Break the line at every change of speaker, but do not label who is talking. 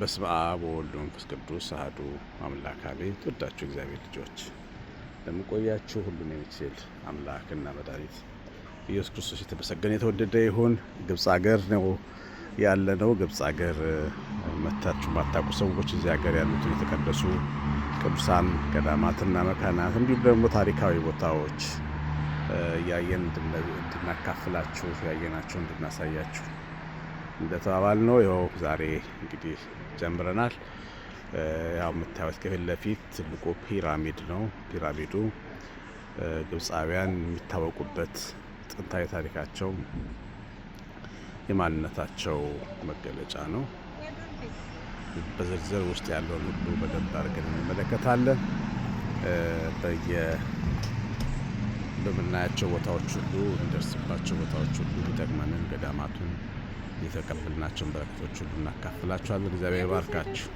በስመ አብ ወወልድ ወመንፈስ ቅዱስ አሐዱ አምላክ አሜን። ትወዳችሁ እግዚአብሔር ልጆች ለምቆያችሁ ሁሉን የሚችል አምላክና መድኃኒት ኢየሱስ ክርስቶስ የተመሰገነ የተወደደ ይሁን። ግብፅ ሀገር ነው ያለ ነው። ግብፅ ሀገር መታችሁ ማታውቁ ሰዎች እዚህ ሀገር ያሉትን የተቀደሱ ቅዱሳን ገዳማትና መካናት እንዲሁም ደግሞ ታሪካዊ ቦታዎች እያየን እንድናካፍላችሁ ያየናቸው እንድናሳያችሁ እንደተባባል ነው ያው ዛሬ እንግዲህ ጀምረናል። ያው የምታዩት ከፊት ለፊት ትልቁ ፒራሚድ ነው። ፒራሚዱ ግብፃውያን የሚታወቁበት ጥንታዊ ታሪካቸው የማንነታቸው መገለጫ ነው። በዝርዝር ውስጥ ያለውን ሁሉ በደንብ አድርገን እንመለከታለን። በየ በምናያቸው ቦታዎች ሁሉ እንደርስባቸው ቦታዎች ሁሉ ሊጠቅመንን ገዳማቱን የተቀበልናቸውን በረከቶች ሁሉ እናካፍላችኋለን። እግዚአብሔር ባርካችሁ።